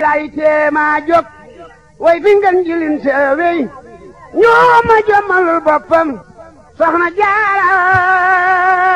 lay tee maa jóg way fi ngeen jilin seewey ñoo ma jommalul boppam soxna Jaara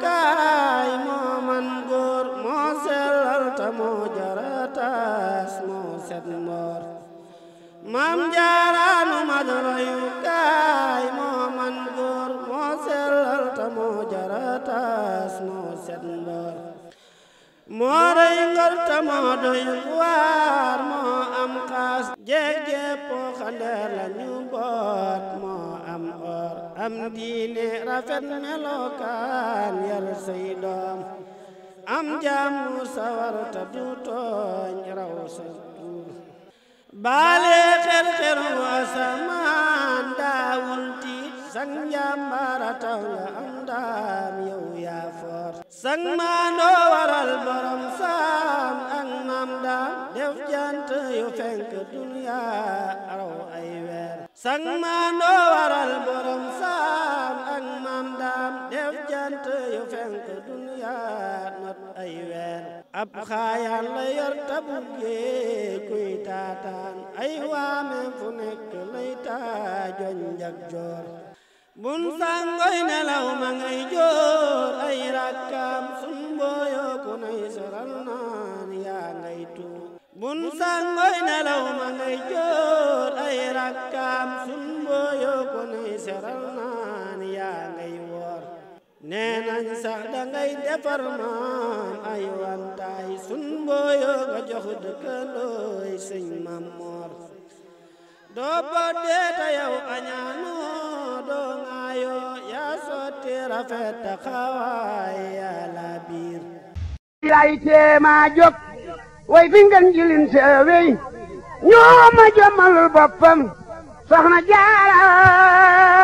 set mboor maam jaaraanu mat royu kaay moo man góor moo sellal ta moo jarataas moo set mboor moo rëy ngor ta moo doy waar moo am xaas jege poo xandeer la ñu boot moo am or am diine rafet melokaan yar say doom am jaamu sawar ta du tooñ raw sa baale xer xer wasamaan daawul tiit sang jàmbaara taw nga am daam yow yaa foor sang maandoo waral borom saam ak maam daam def jant yu fenk duniyaa raw ay weer sang maandoo waral ab xaayaan la yor tabu jee kuy taataan ay waameem fu nekk lay taajoñ njak joor bun sàngoy nelaw ma ngay joor ay rakkaam sun mbooyoo ku nay soral naan yaa ngay tuur bun sàngoy nelaw ma ngay joor ay rakkaam sun mbooyoo ku nay soral naan yaa ngay woor nee nañ sax da defar ma waay wantaay sun mbooyoo nga jox dëkkandooy sëñ Maam Moor doo boddee ta yow añaanoo doo ŋaayoo yaa sotti rafet taxawaay yaa la biir lay tee maa jóg way fi ngeen jilin seewey ñoo ma jommalul boppam soxna Jaara